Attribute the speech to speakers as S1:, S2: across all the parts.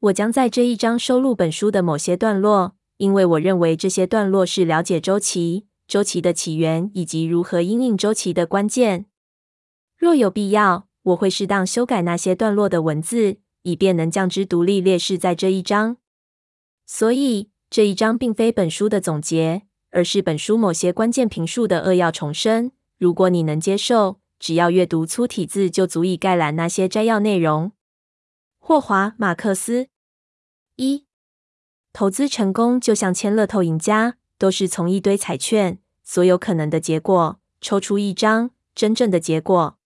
S1: 我將在這一章收錄本書的某些段落，因為我認為這些段落是了解週期、週期的起源以及如何因應週期的關鍵。若有必要，我會適當修改那些段落的文字，以便能將之獨立列示在這一章。所以這一章並非本書的總結，而是本書某些關鍵評述的扼要重申。如果你能接受，只要閱讀粗體字就足以概覽那些摘要內容。霍華·馬克斯。一，投資成功就像簽樂透贏家，都是從一堆彩券，所有可能的結果抽出一張真正的結果。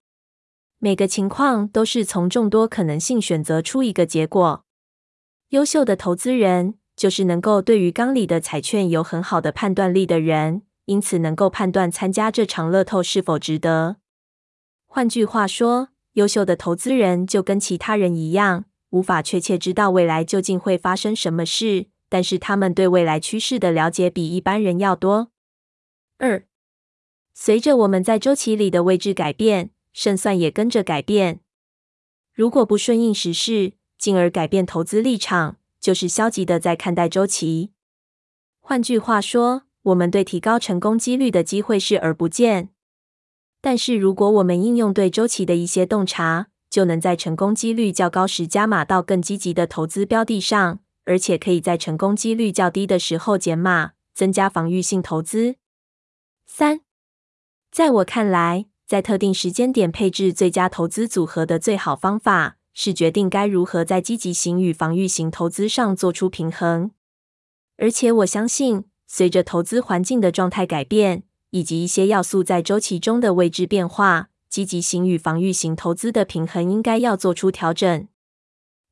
S1: 每個情況都是從眾多可能性選擇出一個結果。優秀的投資人就是能夠對於缸裡的彩券有很好的判斷力的人，因此能夠判斷參加這場樂透是否值得。換句話說，優秀的投資人就跟其他人一樣，無法確切知道未來究竟會發生什麼事，但是他們對未來趨勢的了解比一般人要多。二，隨着我們在周期裡的位置改變，勝算也跟着改變。如果不順應時勢，進而改變投資立場，就是消極的在看待周期。換句話說，我們對提高成功幾率的機會視而不見。但是，如果我們應用對周期的一些洞察，就能在成功幾率較高時加碼到更積極的投資標的上，而且可以在成功幾率較低的時候減碼，增加防禦性投資。三。在我看來，在特定時間點配置最佳投資組合的最好方法，是決定該如何在積極型與防禦型投資上做出平衡。而且我相信，隨着投資環境的狀態改變，以及一些要素在週期中的位置變化。積極型與防禦型投資的平衡應該要做出調整。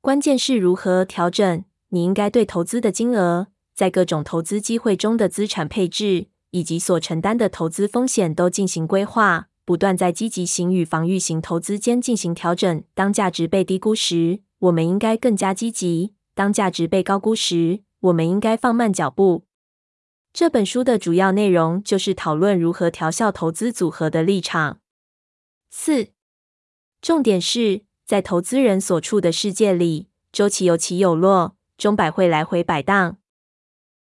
S1: 關鍵是如何調整？你應該對投資的金額、在各種投資機會中的資產配置，以及所承擔的投資風險都進行規劃，不斷在積極型與防禦型投資間進行調整。當價值被低估時，我們應該更加積極；當價值被高估時，我們應該放慢腳步。這本書的主要內容就是討論如何調校投資組合的立場。四。重點是在投資人所處的世界裡，週期有起有落，鐘擺會來回擺盪。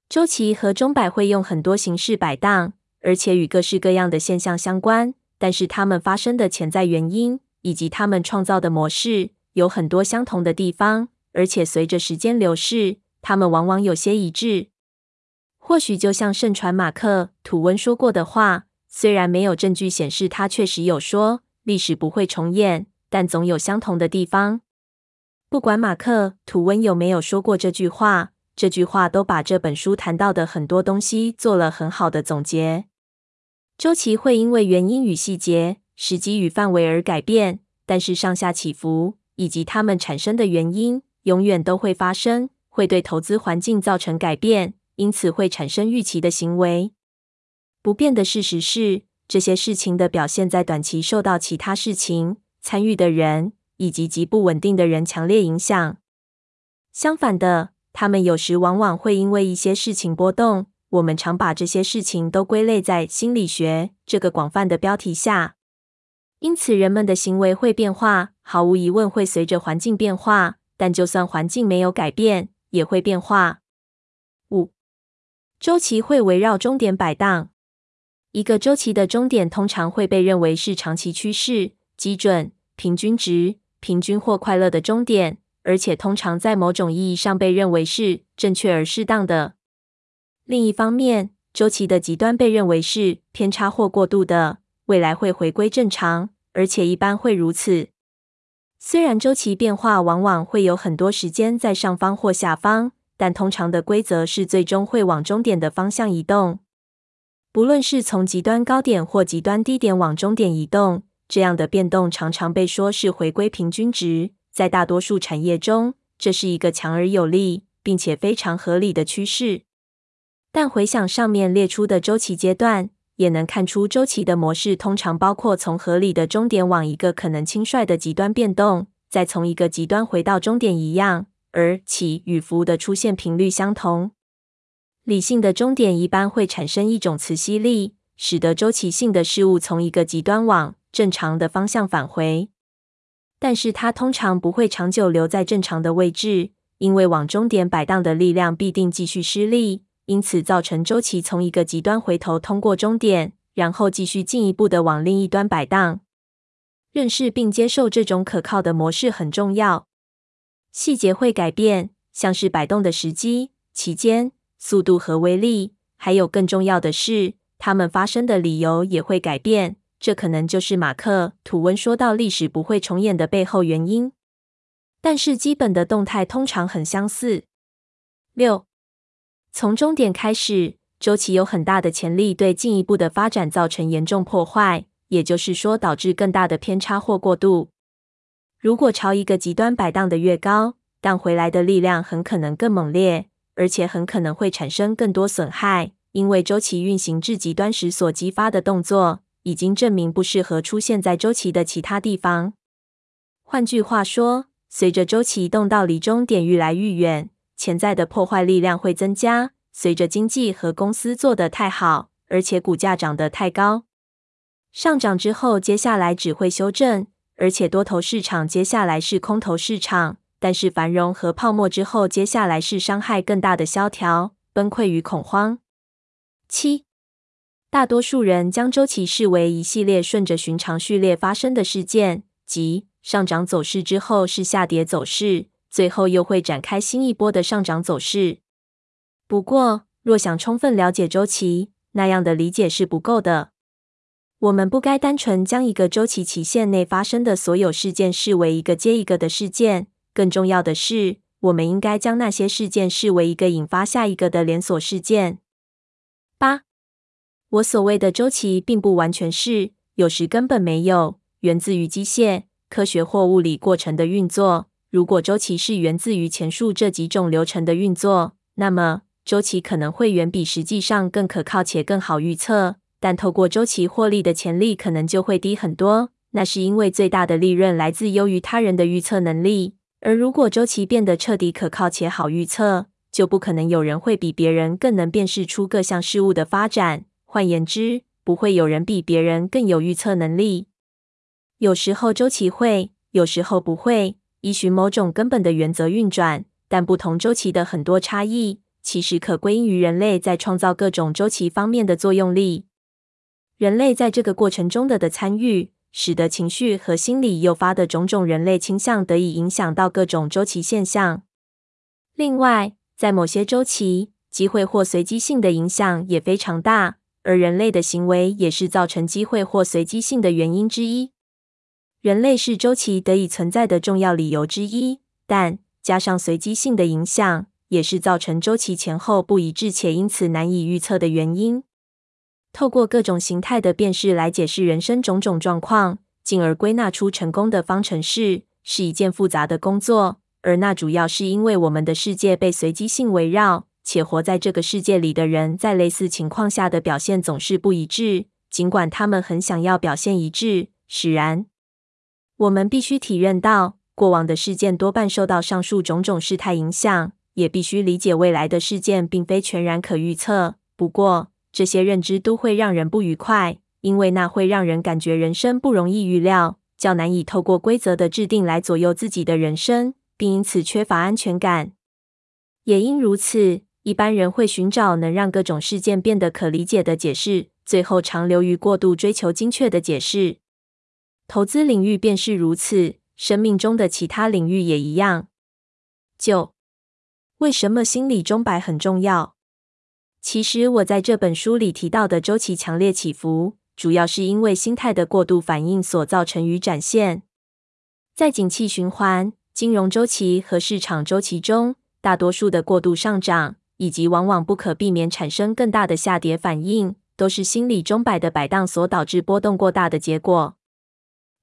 S1: 週期和鐘擺會用很多形式擺盪，而且與各式各樣的現象相關。但是，它們發生的潛在原因以及他們創造的模式有很多相同的地方，而且隨着時間流逝，它們往往有些一致。或許就像盛傳馬克·吐溫說過的話，雖然沒有證據顯示他確實有說。歷史不會重演，但總有相同的地方。不管馬克·吐溫有沒有說過這句話，這句話都把這本書談到的很多東西做了很好的總結。週期會因為原因與細節、時機與範圍而改變，但是上下起伏以及它們產生的原因永遠都會發生，會對投資環境造成改變，因此會產生預期的行為。不變的事實是，這些事情的表現，在短期受到其他事情參與的人以及極不穩定的人強烈影響。相反的，他們有時往往會因為一些事情波動。我們常把這些事情都歸類在心理學這個廣泛的標題下。因此，人們的行為會變化，毫無疑問會隨着環境變化。但就算環境沒有改變，也會變化。五、週期會圍繞終點擺盪。一個週期的終點通常會被認為是長期趨勢、基準、平均值、平均或快樂的終點，而且通常在某種意義上被認為是正確而適當的。另一方面，週期的極端被認為是偏差或過度的，未來會回歸正常，而且一般會如此。雖然週期變化往往會有很多時間在上方或下方，但通常的規則是最終會往終點的方向移動。不論是從極端高點或極端低點往中點移動，這樣的變動常常被說是回歸平均值。在大多數產業中，這是一個強而有力，並且非常合理的趨勢。但回想上面列出的周期階段，也能看出周期的模式通常包括從合理的中點往一個可能輕率的極端變動，再從一個極端回到中點一樣，而起與伏的出現頻率相同。理性的終點一般會產生一種磁吸力，使得周期性的事物從一個極端往正常的方向返回。但是它通常不會長久留在正常的位置，因為往終點擺盪的力量必定繼續施力，因此造成周期從一個極端回頭通過終點，然後繼續進一步的往另一端擺盪。認識並接受這種可靠的模式很重要。細節會改變，像是擺動的時機、期間。速度和威力，還有更重要的是，他們發生的理由也會改變。這可能就是馬克·吐溫說到歷史不會重演的背後原因。但是，基本的動態通常很相似。六，從終點開始，週期有很大的潛力對進一步的發展造成嚴重破壞，也就是說，導致更大的偏差或過度。如果朝一個極端擺盪的越高，盪回來的力量很可能更猛烈。而且很可能會產生更多損害，因為週期運行至極端時所激發的動作，已經證明不適合出現在週期的其他地方。換句話說，隨着週期移動到離終點愈來愈遠，潛在的破壞力量會增加。隨着經濟和公司做得太好，而且股價漲得太高，上漲之後接下來只會修正，而且多頭市場接下來是空頭市場。但是繁榮和泡沫之後，接下來是傷害更大的蕭條、崩潰與恐慌。七，大多數人將週期視為一系列順着尋常序列發生的事件，即上漲走勢之後是下跌走勢，最後又會展開新一波的上漲走勢。不過，若想充分了解週期，那樣的理解是不夠的。我們不該單純將一個周期期限內發生的所有事件視為一個接一個的事件。更重要的是，我們應該將那些事件視為一個引發下一個的連鎖事件。八，我所謂的週期並不完全是，有時根本沒有，源自於機械、科學或物理過程的運作。如果週期是源自於前述這幾種流程的運作，那麼週期可能會遠比實際上更可靠且更好預測。但透過週期獲利的潛力可能就會低很多，那是因為最大的利潤來自優於他人的預測能力。而如果週期變得徹底可靠且好預測，就不可能有人會比別人更能辨識出各項事物的發展。換言之，不會有人比別人更有預測能力。有時候週期會，有時候不會，依循某種根本的原則運轉。但不同週期的很多差異，其實可歸因於人類在創造各種週期方面的作用力。人類在這個過程中的的參與。使得情緒和心理誘發的種種人類傾向得以影響到各種周期現象。另外，在某些周期，機會或隨機性的影響也非常大，而人類的行為也是造成機會或隨機性的原因之一。人類是周期得以存在的重要理由之一，但加上隨機性的影響，也是造成周期前後不一致且因此難以預測的原因。透過各種形態的辨識來解釋人生種種狀況，進而歸納出成功的方程式，是一件複雜的工作。而那主要是因為我們的世界被隨機性圍繞，且活在這個世界裡的人，在類似情況下的表現總是不一致，盡管他們很想要表現一致。使然，我們必須體認到，過往的事件多半受到上述種種事態影響，也必須理解未來的事件並非全然可預測。不過，這些認知都會讓人不愉快，因為那會讓人感覺人生不容易預料，較難以透過規則的制定來左右自己的人生，並因此缺乏安全感。也因如此，一般人會尋找能讓各種事件變得可理解的解釋，最後常流於過度追求精確的解釋。投資領域便是如此，生命中的其他領域也一樣。九，為什麼心理鐘擺很重要？其實，我在這本書裡提到的週期強烈起伏，主要是因為心態的過度反應所造成與展現。在景氣循環、金融週期和市場週期中，大多數的過度上漲，以及往往不可避免產生更大的下跌反應，都是心理鐘擺的擺盪所導致波動過大的結果。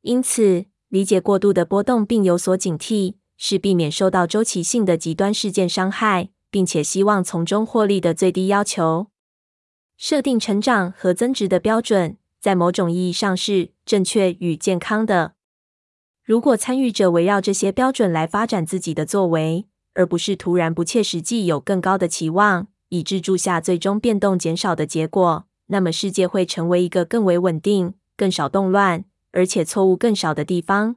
S1: 因此，理解過度的波動並有所警惕，是避免受到週期性的極端事件傷害並且希望從中獲利的最低要求，設定成長和增值的標準，在某種意義上是正確與健康的。如果參與者圍繞這些標準來發展自己的作為，而不是突然不切實際有更高的期望，以致注下最終變動減少的結果，那麼世界會成為一個更為穩定、更少動亂，而且錯誤更少的地方。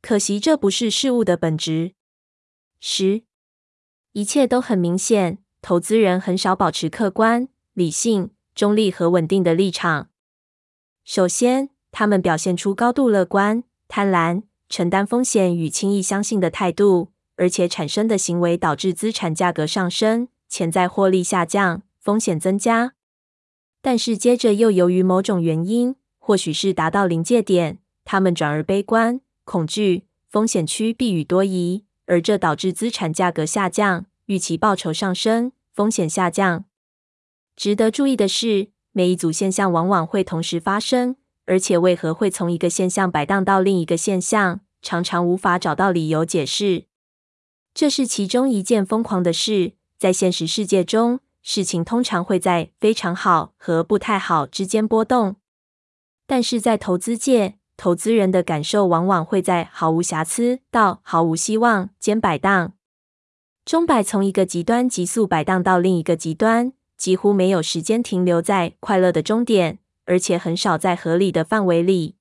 S1: 可惜這不是事物的本質。十。一切都很明顯，投資人很少保持客觀、理性、中立和穩定的立場。首先，他們表現出高度樂觀、貪婪、承擔風險與輕易相信的態度，而且產生的行為導致資產價格上升、潛在獲利下降、風險增加。但是，接着又由於某種原因，或許是達到臨界點，他們轉而悲觀、恐懼、風險趨避與多疑。而這導致資產價格下降，預期報酬上升，風險下降。值得注意的是，每一組現象往往會同時發生，而且為何會從一個現象擺盪到另一個現象，常常無法找到理由解釋。這是其中一件瘋狂的事。在現實世界中，事情通常會在非常好和不太好之間波動，但是在投資界。投資人的感受往往會在毫無瑕疵到毫無希望間擺盪。鐘擺從一個極端急速擺盪到另一個極端，幾乎沒有時間停留在快樂的終點，而且很少在合理的範圍裡。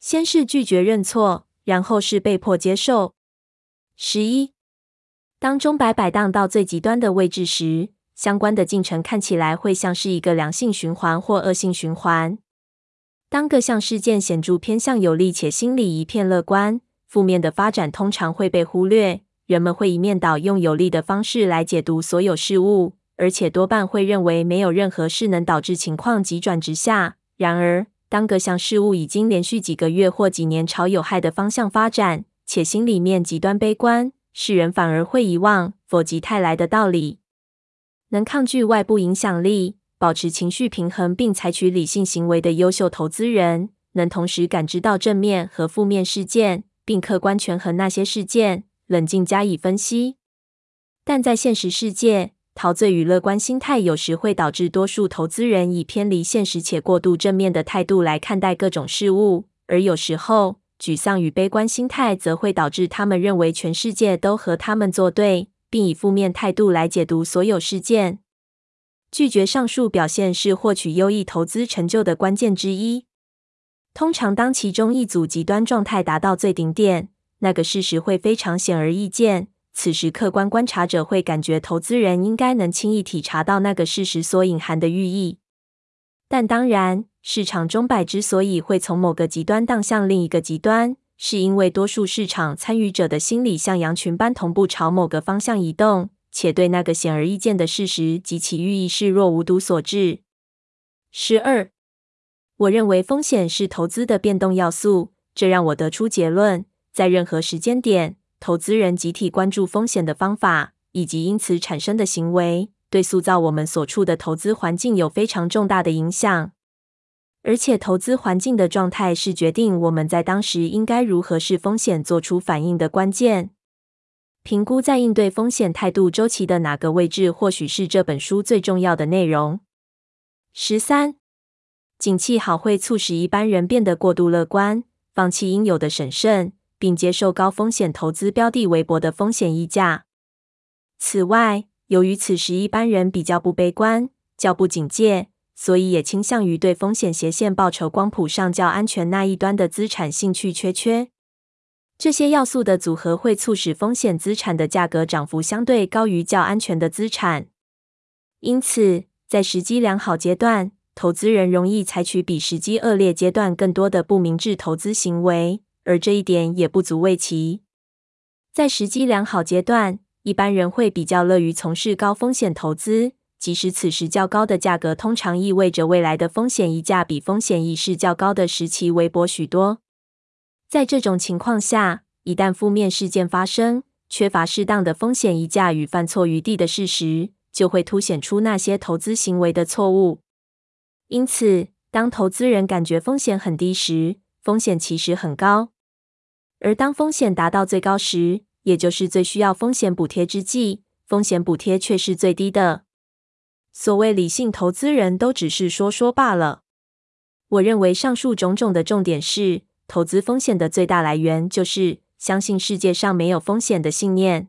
S1: 先是拒絕認錯，然後是被迫接受。十一，當鐘擺擺盪到最極端的位置時，相關的進程看起來會像是一個良性循環或惡性循環。當各項事件顯著偏向有利，且心理一片樂觀，負面的發展通常會被忽略。人們會一面倒用有利的方式來解讀所有事物，而且多半會認為沒有任何事能導致情況急轉直下。然而，當各項事物已經連續幾個月或幾年朝有害的方向發展，且心裡面極端悲觀，世人反而會遺忘否極泰來的道理，能抗拒外部影響力。保持情緒平衡並採取理性行為的優秀投資人，能同時感知到正面和負面事件，並客觀權衡那些事件，冷靜加以分析。但在現實世界，陶醉與樂觀心態有時會導致多數投資人以偏離現實且過度正面的態度來看待各種事物，而有時候沮喪與悲觀心態則會導致他們認為全世界都和他們作對，並以負面態度來解讀所有事件。拒絕上述表現是獲取優異投資成就的關鍵之一。通常，當其中一組極端狀態達到最頂點，那個事實會非常顯而易見。此時，客觀觀察者會感覺投資人應該能輕易體察到那個事實所隱含的寓意。但當然，市場鐘擺之所以會從某個極端盪向另一個極端，是因為多數市場參與者的心理像羊群般同步朝某個方向移動，且對那個顯而易見的事實及其寓意視若無睹所致。十二，我認為風險是投資的變動要素，這讓我得出結論：在任何時間點，投資人集體關注風險的方法以及因此產生的行為，對塑造我們所處的投資環境有非常重大的影響。而且，投資環境的狀態是決定我們在當時應該如何視風險做出反應的關鍵。評估在應對風險態度週期的哪個位置，或許是這本書最重要的內容。十三，景氣好會促使一般人變得過度樂觀，放棄應有的審慎，並接受高風險投資標的微薄的風險溢價。此外，由於此時一般人比較不悲觀，較不警戒，所以也傾向於對風險斜線報酬光譜上較安全那一端的資產興趣缺缺。這些要素的組合會促使風險資產的價格漲幅相對高於較安全的資產。因此，在時機良好階段，投資人容易採取比時機惡劣階段更多的不明智投資行為，而這一點也不足為奇。在時機良好階段，一般人會比較樂於從事高風險投資，即使此時較高的價格通常意味着未來的風險溢價比風險意識較高的時期微薄許多。在這種情況下，一旦負面事件發生，缺乏適當的風險溢價與犯錯餘地的事實，就會凸顯出那些投資行為的錯誤。因此，當投資人感覺風險很低時，風險其實很高；而當風險達到最高時，也就是最需要風險補貼之際，風險補貼卻是最低的。所謂理性投資人都只是說說罷了。我認為上述種種的重點是。投資風險的最大來源，就是相信世界上沒有風險的信念。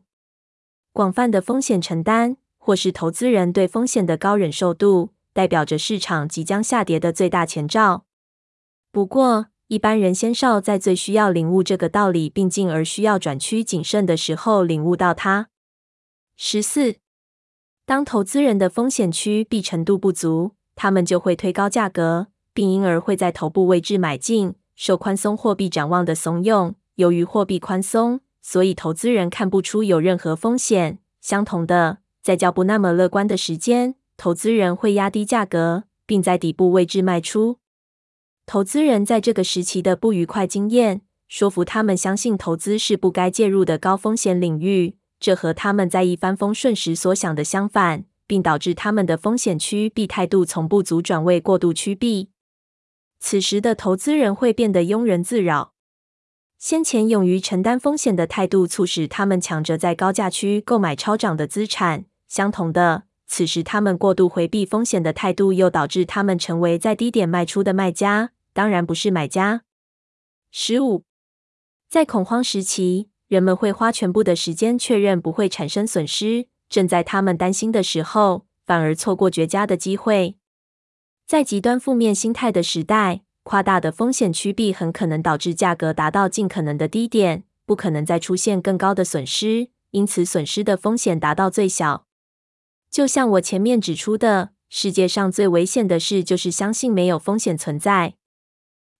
S1: 廣泛的風險承擔，或是投資人對風險的高忍受度，代表着市場即將下跌的最大前兆。不過，一般人鮮少在最需要領悟這個道理，並進而需要轉趨謹慎的時候領悟到它。十四，當投資人的風險趨避程度不足，他們就會推高價格，並因而會在頭部位置買進，受寬鬆貨幣展望的慫恿，由於貨幣寬鬆，所以投資人看不出有任何風險。相同的，在較不那麼樂觀的時間，投資人會壓低價格，並在底部位置賣出。投資人在這個時期的不愉快經驗，說服他們相信投資是不該介入的高風險領域，這和他們在一帆風順時所想的相反，並導致他們的風險趨避態度從不足轉為過度趨避。此時的投資人會變得庸人自擾。先前勇於承擔風險的態度，促使他們搶着在高價區購買超漲的資產。相同的，此時他們過度回避風險的態度，又導致他們成為在低點賣出的賣家，當然不是買家。十五，在恐慌時期，人們會花全部的時間確認不會產生損失，正在他們擔心的時候，反而錯過絕佳的機會。在極端負面心態的時代，誇大的風險趨避很可能導致價格達到盡可能的低點，不可能再出現更高的損失，因此損失的風險達到最小。就像我前面指出的，世界上最危險的事就是相信沒有風險存在。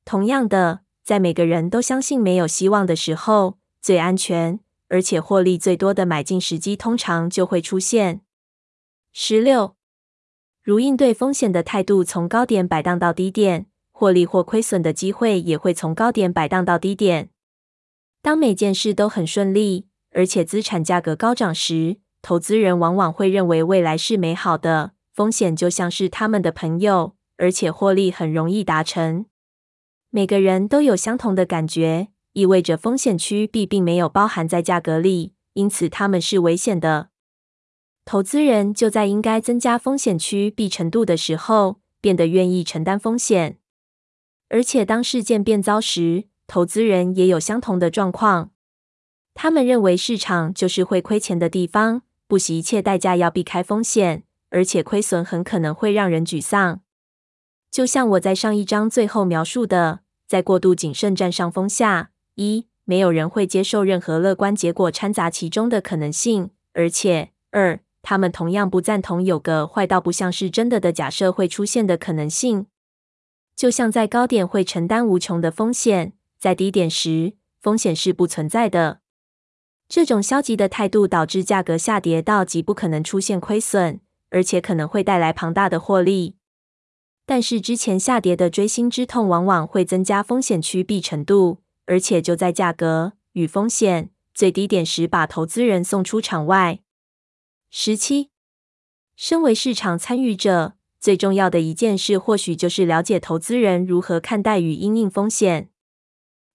S1: 同樣的，在每個人都相信沒有希望的時候，最安全而且獲利最多的買進時機通常就會出現。十六。如應對風險的態度從高點擺盪到低點，獲利或虧損的機會也會從高點擺盪到低點。當每件事都很順利，而且資產價格高漲時，投資人往往會認為未來是美好的，風險就像是他們的朋友，而且獲利很容易達成。每個人都有相同的感覺，意味着風險趨避並沒有包含在價格裡，因此他們是危險的。投資人就在應該增加風險趨避程度的時候，變得願意承擔風險。而且當事件變糟時，投資人也有相同的狀況。他們認為市場就是會虧錢的地方，不惜一切代價要避開風險。而且虧損很可能會讓人沮喪。就像我在上一章最後描述的，在過度謹慎佔上風下，一，沒有人會接受任何樂觀結果摻雜其中的可能性。而且二。他們同樣不贊同有個壞到不像是真的的假設會出現的可能性，就像在高點會承擔無窮的風險，在低點時風險是不存在的。這種消極的態度導致價格下跌到極不可能出現虧損，而且可能會帶來龐大的獲利。但是之前下跌的錐心之痛往往會增加風險趨避程度，而且就在價格與風險最低點時，把投資人送出場外。十七，17. 身為市場參與者，最重要的一件事或許就是了解投資人如何看待與因應風險。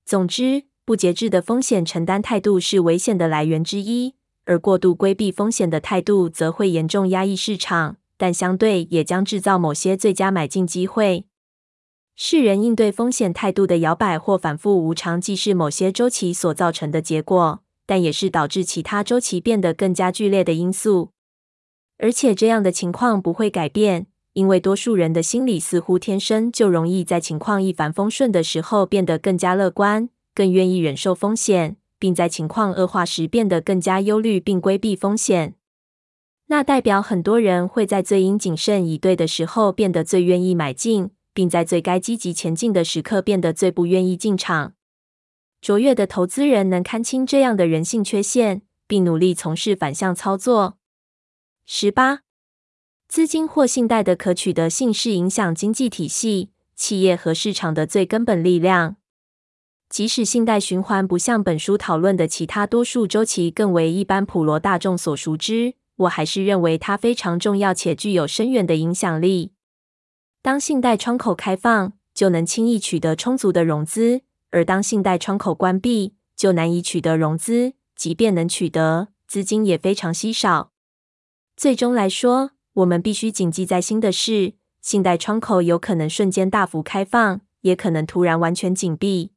S1: 總之，不節制的風險承擔態度是危險的來源之一，而過度規避風險的態度則會嚴重壓抑市場，但相對也將制造某些最佳買進機會。世人應對風險態度的搖擺或反覆無常，既是某些週期所造成的結果。但也是導致其他週期變得更加劇烈的因素，而且這樣的情況不會改變，因為多數人的心理似乎天生就容易在情況一帆風順的時候變得更加樂觀，更願意忍受風險，並在情況惡化時變得更加憂慮並規避風險。那代表很多人會在最應謹慎以對的時候變得最願意買進，並在最該積極前進的時刻變得最不願意進場。卓越的投資人能看清這樣的人性缺陷，並努力從事反向操作。十八，資金或信貸的可取得性是影響經濟體系、企業和市場的最根本力量。即使信貸循環不像本書討論的其他多數週期更為一般普羅大眾所熟知，我還是認為它非常重要且具有深遠的影響力。當信貸窗口開放，就能輕易取得充足的融資。而當信貸窗口關閉，就難以取得融資，即便能取得，資金也非常稀少。最終來說，我們必須謹記在心的是，信貸窗口有可能瞬間大幅開放，也可能突然完全緊閉。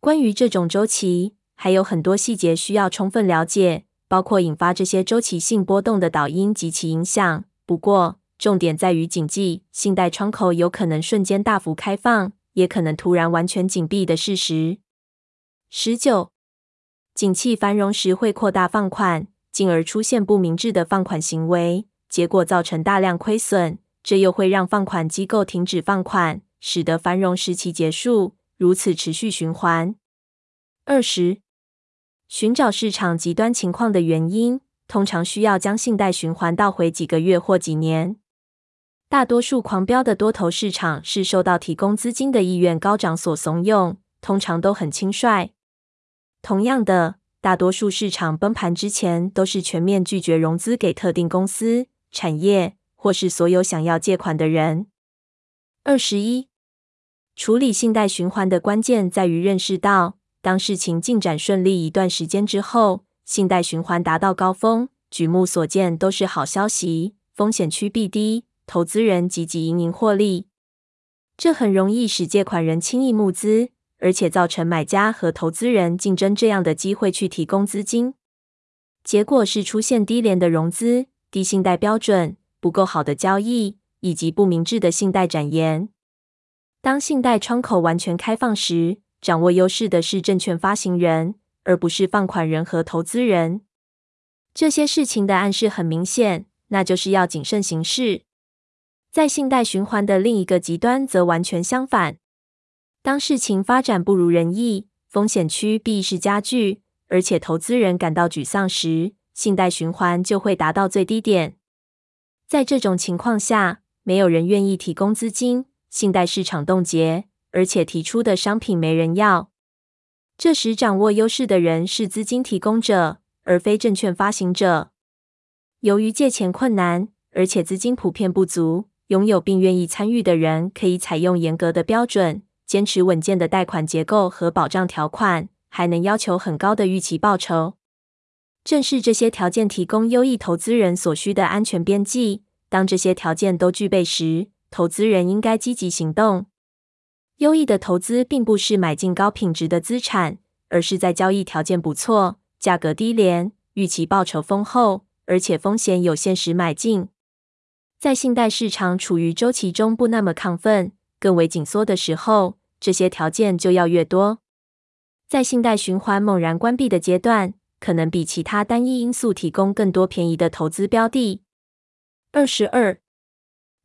S1: 關於這種週期，還有很多細節需要充分了解，包括引發這些週期性波動的導因及其影響。不過，重點在於謹記，信貸窗口有可能瞬間大幅開放。也可能突然完全緊閉的事實。十九，景氣繁榮時會擴大放款，進而出現不明智的放款行為，結果造成大量虧損，這又會讓放款機構停止放款，使得繁榮時期結束，如此持續循環。二十，尋找市場極端情況的原因，通常需要將信貸循環倒回幾個月或幾年。大多數狂飆的多頭市場是受到提供資金的意願高漲所慫恿，通常都很輕率。同樣的，大多數市場崩盤之前都是全面拒絕融資給特定公司、產業，或是所有想要借款的人。二十一，處理信貸循環的關鍵在於認識到，當事情進展順利一段時間之後，信貸循環達到高峰，舉目所見都是好消息，風險趨避低。投資人汲汲營營獲利，這很容易使借款人輕易募資，而且造成買家和投資人競爭這樣的機會去提供資金。結果是出現低廉的融資、低信貸標準、不夠好的交易以及不明智的信貸展延。當信貸窗口完全開放時，掌握優勢的是證券發行人，而不是放款人和投資人。這些事情的暗示很明顯，那就是要謹慎行事。在信貸循環的另一個極端，則完全相反。當事情發展不如人意，風險區必趨避是加劇，而且投資人感到沮喪時，信貸循環就會達到最低點。在這種情況下，沒有人願意提供資金，信貸市場凍結，而且提出的商品沒人要。這時掌握優勢的人是資金提供者，而非證券發行者。由於借錢困難，而且資金普遍不足。擁有並願意參與的人可以採用嚴格的標準，堅持穩健的貸款結構和保障條款，還能要求很高的預期報酬。正是這些條件提供優異投資人所需的安全邊際。當這些條件都具備時，投資人應該積極行動。優異的投資並不是買進高品質的資產，而是在交易條件不錯、價格低廉、預期報酬豐厚，而且風險有限時買進。在信貸市場處於週期中不那麼亢奮、更為緊縮的時候，這些條件就要越多。在信貸循環猛然關閉的階段，可能比其他單一因素提供更多便宜的投資標的。二十二，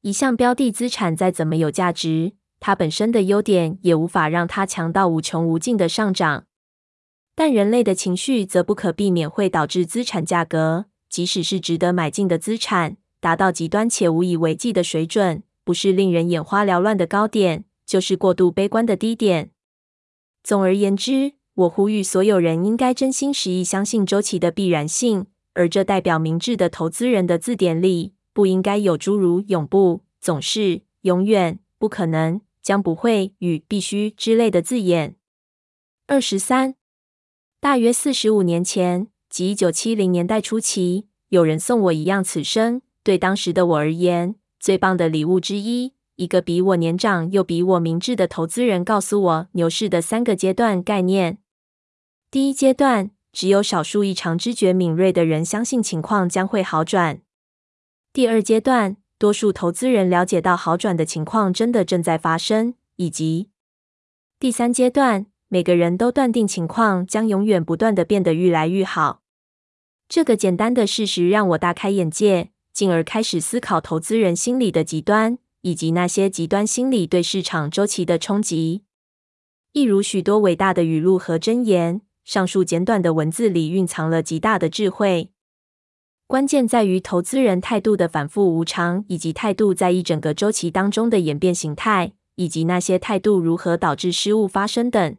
S1: 一項標的資產再怎麼有價值，它本身的優點也無法讓它強到無窮無盡的上漲。但人類的情緒則不可避免會導致資產價格，即使是值得買進的資產。達到極端且無以為繼的水準，不是令人眼花繚亂的高點，就是過度悲觀的低點。總而言之，我呼籲所有人應該真心實意相信周期的必然性，而這代表明智的投資人的字典裡不應該有諸如“永不”“總是”“永遠”“不可能”“將不會”與“必須”之類的字眼。二十三，大約四十五年前，即一九七零年代初期，有人送我一樣，此生。對當時的我而言，最棒的禮物之一，一個比我年長又比我明智的投資人告訴我牛市的三個階段概念。第一階段，只有少數異常知覺敏銳的人相信情況將會好轉。第二階段，多數投資人了解到好轉的情況真的正在發生，以及第三階段，每個人都斷定情況將永遠不斷地變得愈來愈好。這個簡單的事實讓我大開眼界。進而開始思考投資人心理的極端，以及那些極端心理對市場週期的衝擊。一如許多偉大的語錄和箴言，上述簡短的文字裡蘊藏了極大的智慧。關鍵在於投資人態度的反覆無常，以及態度在一整個週期當中的演變形態，以及那些態度如何導致失誤發生等。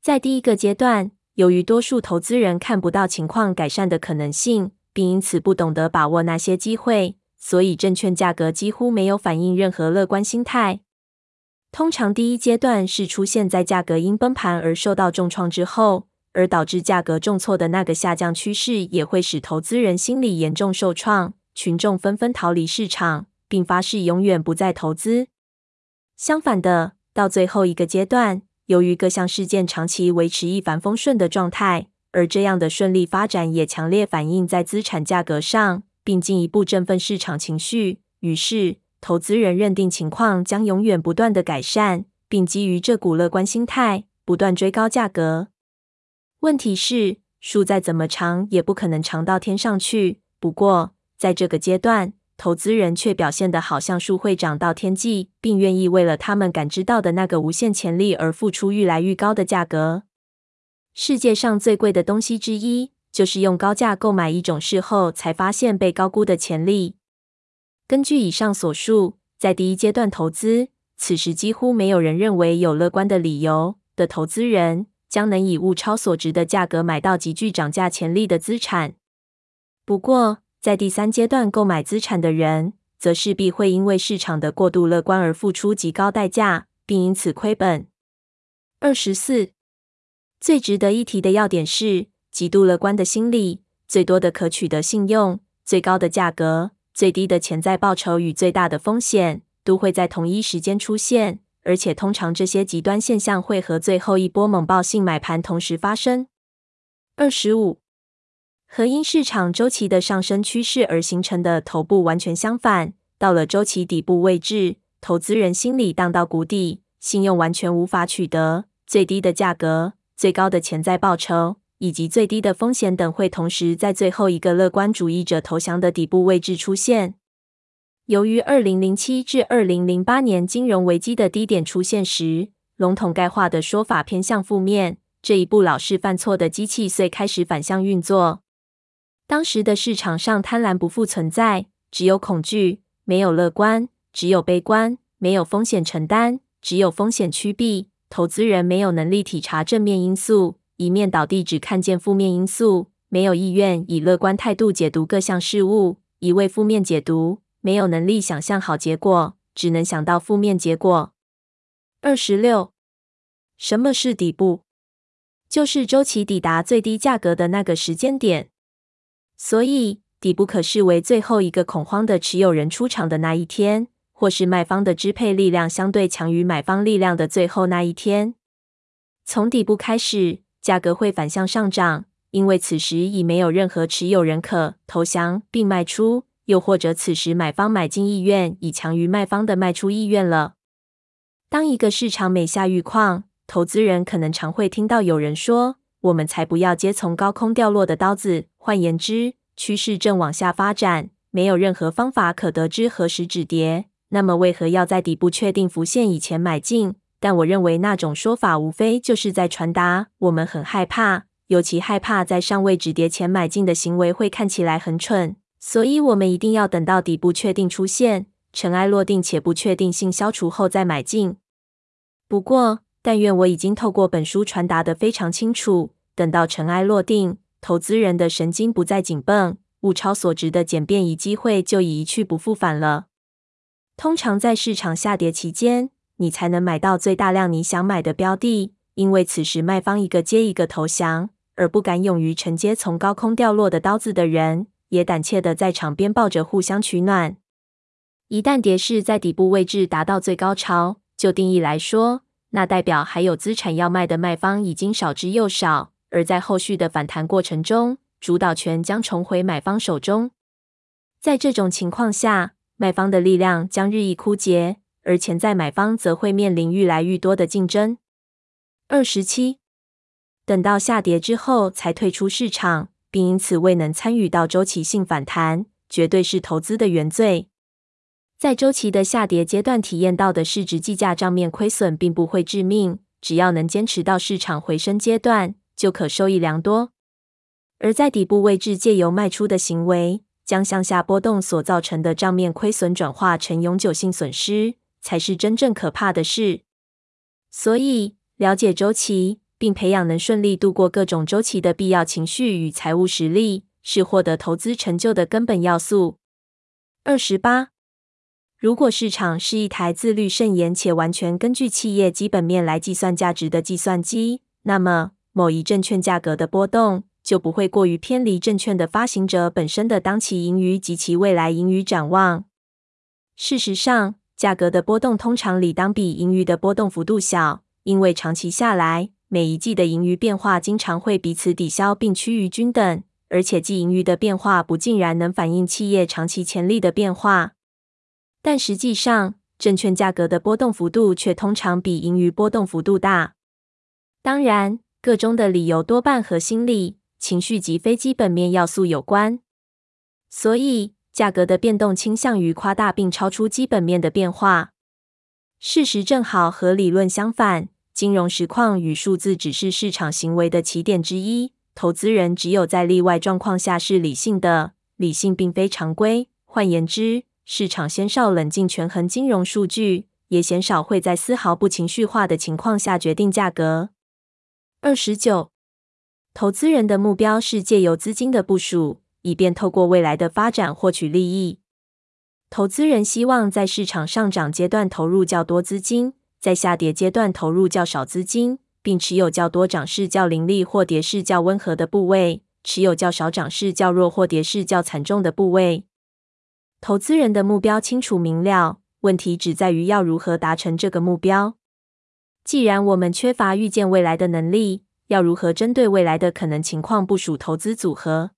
S1: 在第一個階段，由於多數投資人看不到情況改善的可能性，並因此不懂得把握那些機會，所以證券價格幾乎沒有反映任何樂觀心態。通常，第一階段是出現在價格因崩盤而受到重創之後，而導致價格重挫的那個下降趨勢也會使投資人心理嚴重受創，群眾紛紛逃離市場，並發誓永遠不再投資。相反的，到最後一個階段，由於各項事件長期維持一帆風順的狀態。而這樣的順利發展也強烈反映在資產價格上，並進一步振奮市場情緒。於是，投資人認定情況將永遠不斷的改善，並基於這股樂觀心態，不斷追高價格。問題是，樹再怎麼長也不可能長到天上去。不過，在這個階段，投資人卻表現得好像樹會長到天際，並願意為了他們感知到的那個無限潛力而付出愈來愈高的價格。世界上最貴的東西之一，就是用高價購買一種事後才發現被高估的潛力。根據以上所述，在第一階段投資，此時幾乎沒有人認為有樂觀的理由的投資人，將能以物超所值的價格買到極具漲價潛力的資產。不過，在第三階段購買資產的人，則勢必會因為市場的過度樂觀而付出極高代價，並因此虧本。二十四。最值得一提的要點是，極度樂觀的心理、最多的可取得信用、最高的價格、最低的潛在報酬與最大的風險，都會在同一時間出現。而且，通常這些極端現象會和最後一波猛暴性買盤同時發生。二十五，和因市場週期的上升趨勢而形成的頭部完全相反。到了週期底部位置，投資人心理盪到谷底，信用完全無法取得，最低的價格。最高的潛在報酬以及最低的風險等，會同時在最後一個樂觀主義者投降的底部位置出現。由於二零零七至二零零八年金融危機的低點出現時，籠統概化的說法偏向負面，這一部老是犯錯的機器遂開始反向運作。當時的市場上貪婪不復存在，只有恐懼，沒有樂觀；只有悲觀，沒有風險承擔；只有風險趨避。投資人沒有能力體察正面因素，一面倒地只看見負面因素，沒有意願以樂觀態度解讀各項事物，一味負面解讀，沒有能力想象好結果，只能想到負面結果。二十六。什麼是底部？就是週期抵達最低價格的那個時間點。所以底部可視為最後一個恐慌的持有人出場的那一天。或是賣方的支配力量相對強於買方力量的最後那一天，從底部開始，價格會反向上漲，因為此時已沒有任何持有人可投降並賣出，又或者此時買方買進意願已強於賣方的賣出意願了。當一個市場每下愈況，投資人可能常會聽到有人說：“我們才不要接從高空掉落的刀子。”換言之，趨勢正往下發展，沒有任何方法可得知何時止跌。那麼為何要在底部確定浮現以前買進？但我認為那種說法無非就是在傳達我們很害怕，尤其害怕在尚未止跌前買進的行為會看起來很蠢，所以我們一定要等到底部確定出現，塵埃落定且不確定性消除後再買進。不過，但願我已經透過本書傳達得非常清楚，等到塵埃落定，投資人的神經不再緊繃，物超所值的撿便宜機會就已一去不復返了。通常在市場下跌期間，你才能買到最大量你想買的標的，因為此時賣方一個接一個投降，而不敢勇於承接從高空掉落的刀子的人，也膽怯地在場邊抱着互相取暖。一旦跌勢在底部位置達到最高潮，就定義來說，那代表還有資產要賣的賣方已經少之又少，而在後續的反彈過程中，主導權將重回買方手中。在這種情況下，賣方的力量將日益枯竭，而潛在買方則會面臨越來越多的競爭。二十七，等到下跌之後才退出市場，並因此未能參與到周期性反彈，絕對是投資的原罪。在周期的下跌階段體驗到的市值計價賬面虧損並不會致命，只要能堅持到市場回升階段，就可收益良多。而在底部位置借由賣出的行為。將向下波動所造成的賬面虧損轉化成永久性損失，才是真正可怕的事。所以，了解周期，並培養能順利度過各種周期的必要情緒與財務實力，是獲得投資成就的根本要素。二十八，如果市場是一台自律甚嚴且完全根據企業基本面來計算價值的計算機，那麼某一證券價格的波動。就不會過於偏離證券的發行者本身的當期盈餘及其未來盈餘展望。事實上，價格的波動通常理當比盈餘的波動幅度小，因為長期下來，每一季的盈餘變化經常會彼此抵消並趨於均等。而且，季盈餘的變化不盡然能反映企業長期潛力的變化，但實際上，證券價格的波動幅度卻通常比盈餘波動幅度大。當然，個中的理由多半和心理，情緒及非基本面要素有關，所以價格的變動傾向於誇大並超出基本面的變化。事實正好和理論相反，金融實況與數字只是市場行為的起點之一。投資人只有在例外狀況下是理性的，理性並非常規。換言之，市場鮮少冷靜權衡金融數據，也鮮少會在絲毫不情緒化的情況下決定價格。二十九。投資人的目標是借由資金的部署，以便透過未來的發展獲取利益。投資人希望在市場上漲階段投入較多資金，在下跌階段投入較少資金，並持有較多漲勢較凌厲或跌勢較溫和的部位，持有較少漲勢較弱或跌勢較慘重的部位。投資人的目標清楚明了，問題只在於要如何達成這個目標。既然我們缺乏預見未來的能力，要如何針對未來的可能情況部署投資組合？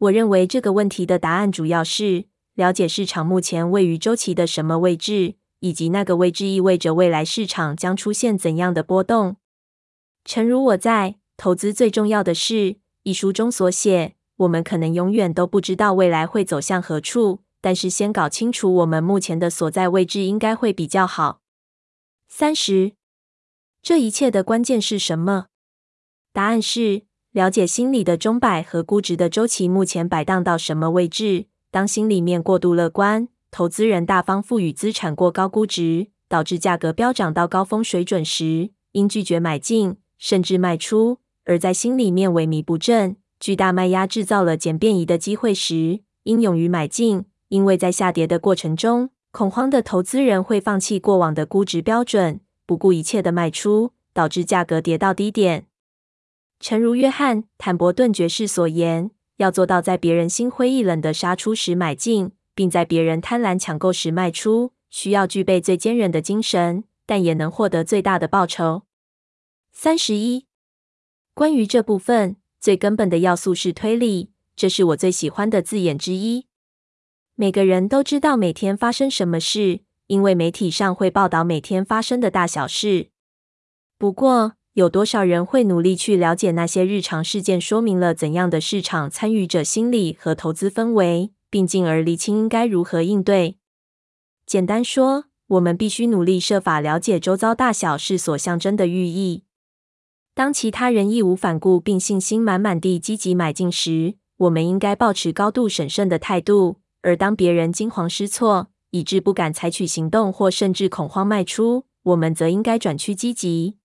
S1: 我認為這個問題的答案主要是了解市場目前位於周期的什麼位置，以及那個位置意味着未來市場將出現怎樣的波動。誠如我在《投資最重要的事》一書中所寫，我們可能永遠都不知道未來會走向何處，但是先搞清楚我們目前的所在位置應該會比較好。三十。這一切的關鍵是什麼？答案是：了解心理的鐘擺和估值的周期目前擺盪到什麼位置。當心理面過度樂觀，投資人大方賦予資產過高估值，導致價格飆漲到高峰水準時，應拒絕買進，甚至賣出；而在心理面萎靡不振，巨大賣壓製造了撿便宜的機會時，應勇於買進，因為在下跌的過程中，恐慌的投資人會放棄過往的估值標準，不顧一切的賣出，導致價格跌到低點。誠如約翰·坦伯頓爵士所言，要做到在別人心灰意冷的殺出時買進，並在別人貪婪搶購時賣出，需要具備最堅韌的精神，但也能獲得最大的報酬。三十一，關於這部分最根本的要素是推理，這是我最喜歡的字眼之一。每個人都知道每天發生什麼事，因為媒體上會報道每天發生的大小事。不過，有多少人會努力去了解那些日常事件說明了怎樣的市場參與者心理和投資氛圍，並進而釐清應該如何應對？簡單說，我們必須努力設法了解周遭大小事所象徵的寓意。當其他人義無反顧並信心滿滿地積極買進時，我們應該保持高度審慎的態度；而當別人驚慌失措，以致不敢採取行動或甚至恐慌賣出，我們則應該轉趨積極。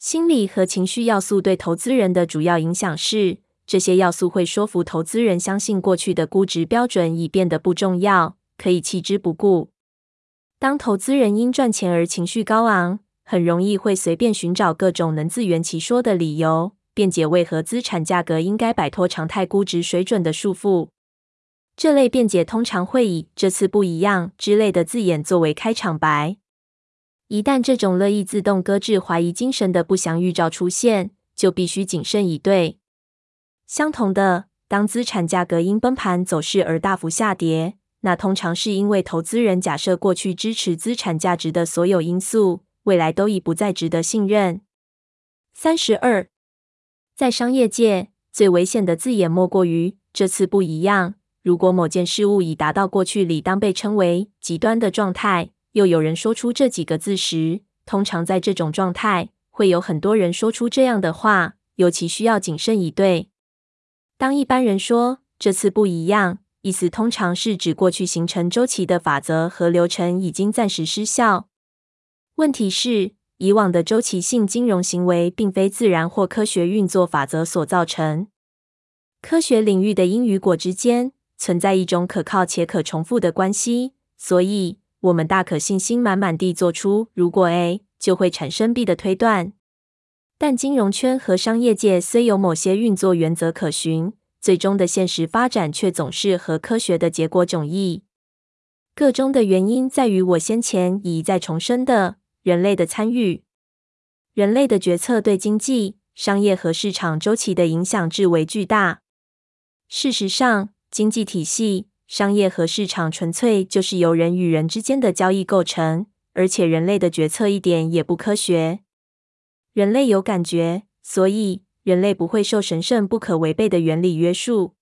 S1: 心理和情緒要素對投資人的主要影響是，這些要素會說服投資人相信過去的估值標準已變得不重要，可以棄之不顧。當投資人因賺錢而情緒高昂，很容易會隨便尋找各種能自圓其說的理由，辯解為何資產價格應該擺脫常態估值水準的束縛。這類辯解通常會以“這次不一樣”之類的字眼作為開場白。一旦這種樂意自動擱置懷疑精神的不祥預兆出現，就必須謹慎以對。相同的，當資產價格因崩盤走勢而大幅下跌，那通常是因為投資人假設過去支持資產價值的所有因素未來都已不再值得信任。三十二，在商業界最危險的字眼莫過於“這次不一樣”。如果某件事物已達到過去理當被稱為極端的狀態。又有人說出這幾個字時，通常在這種狀態，會有很多人說出這樣的話，尤其需要謹慎以對。當一般人說“這次不一樣”，意思通常是指過去形成周期的法則和流程已經暫時失效。問題是，以往的周期性金融行為並非自然或科學運作法則所造成。科學領域的因與果之間存在一種可靠且可重複的關係，所以，我們大可信心滿滿地做出“如果 A 就會產生 B” 的推斷，但金融圈和商業界雖有某些運作原則可循，最終的現實發展卻總是和科學的結果迥異。個中的原因在於，我先前已一再重申的：人類的參與、人類的決策對經濟、商業和市場週期的影響，至為巨大。事實上，經濟體系、商業和市場純粹就是由人與人之間的交易構成，而且人類的決策一點也不科學。人類有感覺，所以人類不會受神聖不可違背的原理約束。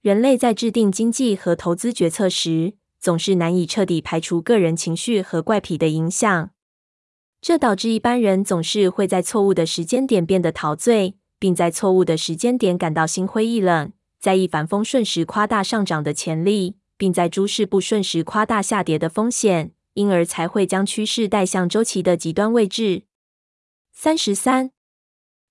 S1: 人類在制定經濟和投資決策時，總是難以徹底排除個人情緒和怪癖的影響。這導致一般人總是會在錯誤的時間點變得陶醉，並在錯誤的時間點感到心灰意冷。在一帆風順時誇大上漲的潛力，並在諸事不順時誇大下跌的風險，因而才會將趨勢帶向周期的極端位置。三十三，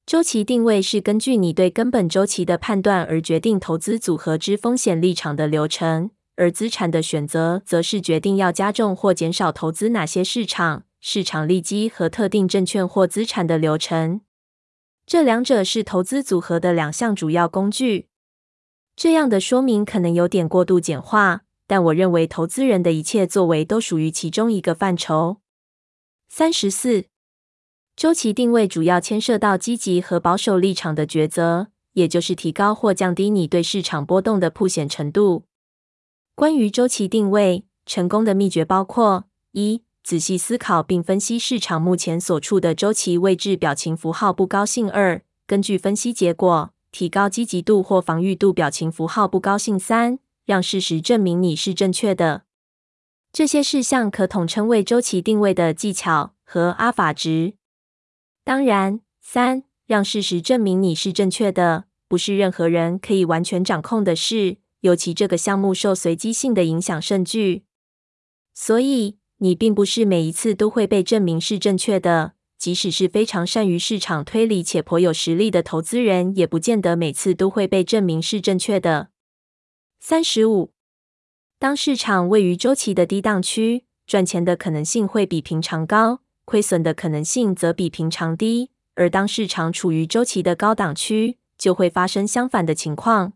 S1: 周期定位是根據你對根本周期的判斷而決定投資組合之風險立場的流程，而資產的選擇則是決定要加重或減少投資哪些市場、市場利基和特定證券或資產的流程。這兩者是投資組合的兩項主要工具。這樣的說明可能有點過度簡化，但我認為投資人的一切作為都屬於其中一個範疇。三十四，周期定位主要牽涉到積極和保守立場的抉擇，也就是提高或降低你對市場波動的曝險程度。關於周期定位成功的秘訣，包括一，1. 仔細思考並分析市場目前所處的周期位置，表情符號不高興；二，根據分析結果。提高積極度或防禦度，表情符號不高興。三，讓事實證明你是正確的。這些事項可統稱為週期定位的技巧和阿法值。當然，三，讓事實證明你是正確的，不是任何人可以完全掌控的事。尤其這個項目受隨機性的影響甚巨，所以你並不是每一次都會被證明是正確的。即使是非常善於市場推理且頗有實力的投資人，也不見得每次都會被證明是正確的。三十五，當市場位於週期的低檔區，賺錢的可能性會比平常高，虧損的可能性則比平常低；而當市場處於週期的高檔區，就會發生相反的情況。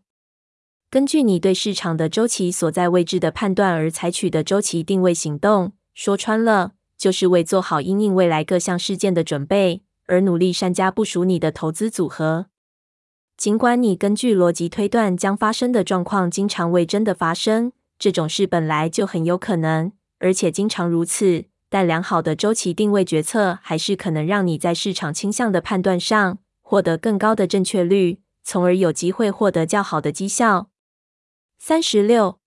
S1: 根據你對市場的週期所在位置的判斷而採取的週期定位行動，說穿了，就是為做好因應未來各項事件的準備而努力善加部署你的投資組合。儘管你根據邏輯推斷將發生的狀況經常未真的發生，這種事本來就很有可能，而且經常如此。但良好的週期定位決策還是可能讓你在市場傾向的判斷上獲得更高的正確率，從而有機會獲得較好的績效。三十六，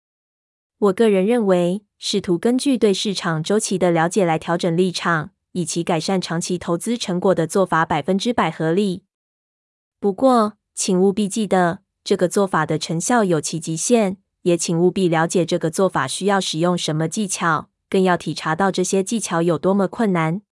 S1: 我個人認為。試圖根據對市場周期的了解來調整立場，以期改善長期投資成果的做法，百分之百合理。不過，請務必記得，這個做法的成效有其極限，也請務必了解這個做法需要使用什麼技巧，更要體察到這些技巧有多麼困難。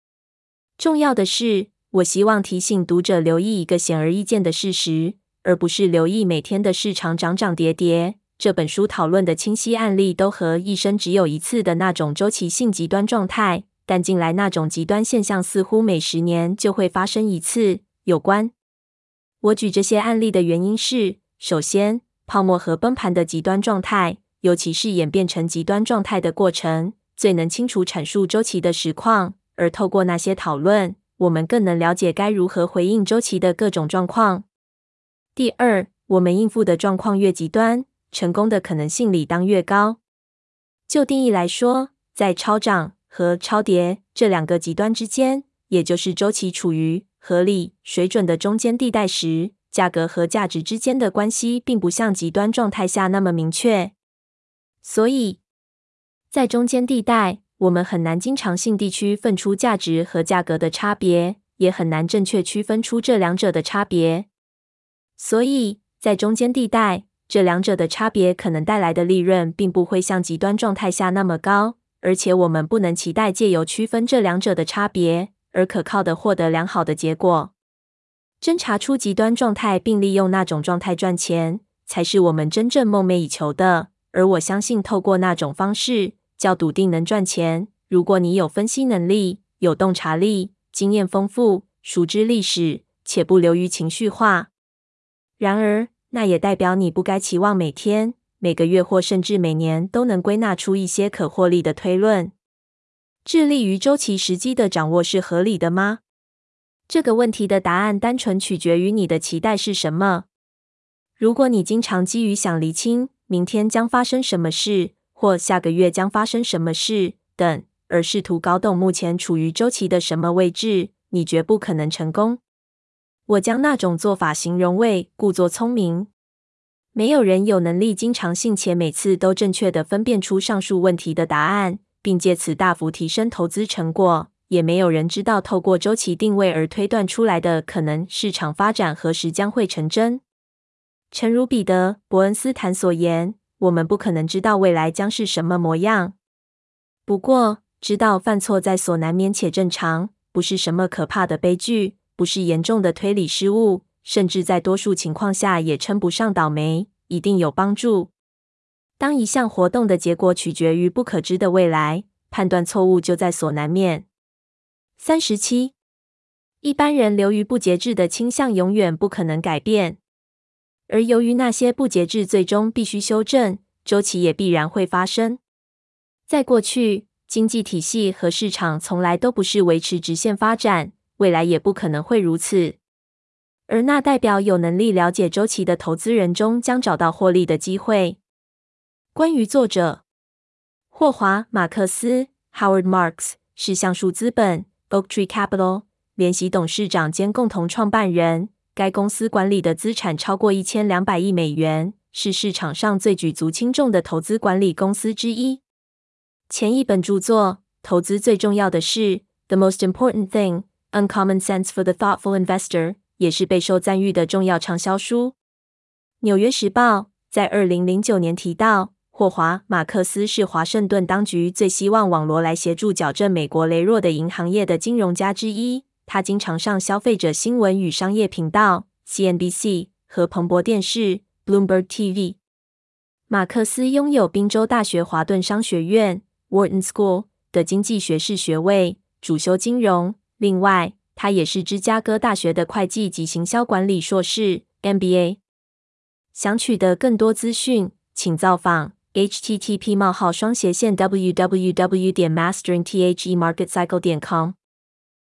S1: 重要的是，我希望提醒讀者留意一個顯而易見的事實，而不是留意每天的市場漲漲跌跌。這本書討論的清晰案例都和一生只有一次的那種週期性極端狀態，但近來那種極端現象似乎每十年就會發生一次有關。我舉這些案例的原因是：首先，泡沫和崩盤的極端狀態，尤其是演變成極端狀態的過程，最能清楚闡述週期的實況；而透過那些討論，我們更能了解該如何回應週期的各種狀況。第二，我們應付的狀況越極端，成功的可能性理當越高。就定義來說，在超漲和超跌這兩個極端之間，也就是周期處於合理水準的中間地帶時，價格和價值之間的關係並不像極端狀態下那麼明確。所以，在中間地帶，我們很難經常性地區分出價值和價格的差別，也很難正確區分出這兩者的差別。所以在中間地帶。這兩者的差別可能帶來的利潤，並不會像極端狀態下那麼高，而且我們不能期待借由區分這兩者的差別而可靠地獲得良好的結果。偵查出極端狀態，並利用那種狀態賺錢，才是我們真正夢寐以求的。而我相信，透過那種方式，較篤定能賺錢。如果你有分析能力、有洞察力、經驗豐富、熟知歷史，且不流於情緒化，然而。那也代表你不該期望每天、每個月或甚至每年都能歸納出一些可獲利的推論。致力於週期時機的掌握是合理的嗎？這個問題的答案單純取決於你的期待是什麼。如果你經常基於想釐清明天將發生什麼事，或下個月將發生什麼事等，而試圖搞懂目前處於週期的什麼位置，你絕不可能成功。我將那種做法形容為故作聰明。沒有人有能力經常性且每次都正確地分辨出上述問題的答案，並借此大幅提升投資成果。也沒有人知道透過周期定位而推斷出來的可能市場發展何時將會成真。誠如彼得·伯恩斯坦所言，我們不可能知道未來將是什麼模樣。不過，知道犯錯在所難免且正常，不是什麼可怕的悲劇。不是嚴重的推理失誤，甚至在多數情況下也稱不上倒霉，一定有幫助。當一項活動的結果取決於不可知的未來，判斷錯誤就在所難免。三十七，一般人流於不節制的傾向永遠不可能改變，而由於那些不節制最終必須修正，週期也必然會發生。在過去，經濟體系和市場從來都不是維持直線發展。未來也不可能會如此，而那代表有能力了解週期的投資人終將找到獲利的機會。關於作者霍華·馬克思 （Howard Marks） 是橡樹資本 （Oaktree Capital） 聯席董事長兼共同創辦人，該公司管理的資產超過一千兩百億美元，是市場上最舉足輕重的投資管理公司之一。前一本著作《投資最重要的是》（The Most Important Thing）。Uncommon Sense for the Thoughtful Investor 也是備受讚譽的重要暢銷書。《紐約時報》在二零零九年提到，霍華·馬克思是華盛頓當局最希望網羅來協助矯正美國羸弱的銀行業的金融家之一。他經常上消費者新聞與商業頻道 （CNBC） 和彭博電視 （Bloomberg TV）。馬克思擁有賓州大學華頓商學院 （Wharton School） 的經濟學士學位，主修金融。另外，他也是芝加哥大學的會計及行銷管理碩士 （MBA）。想取得更多資訊，請造訪 http: 冒號雙斜線 w w w. 點 mastering the market cycle. 點 com。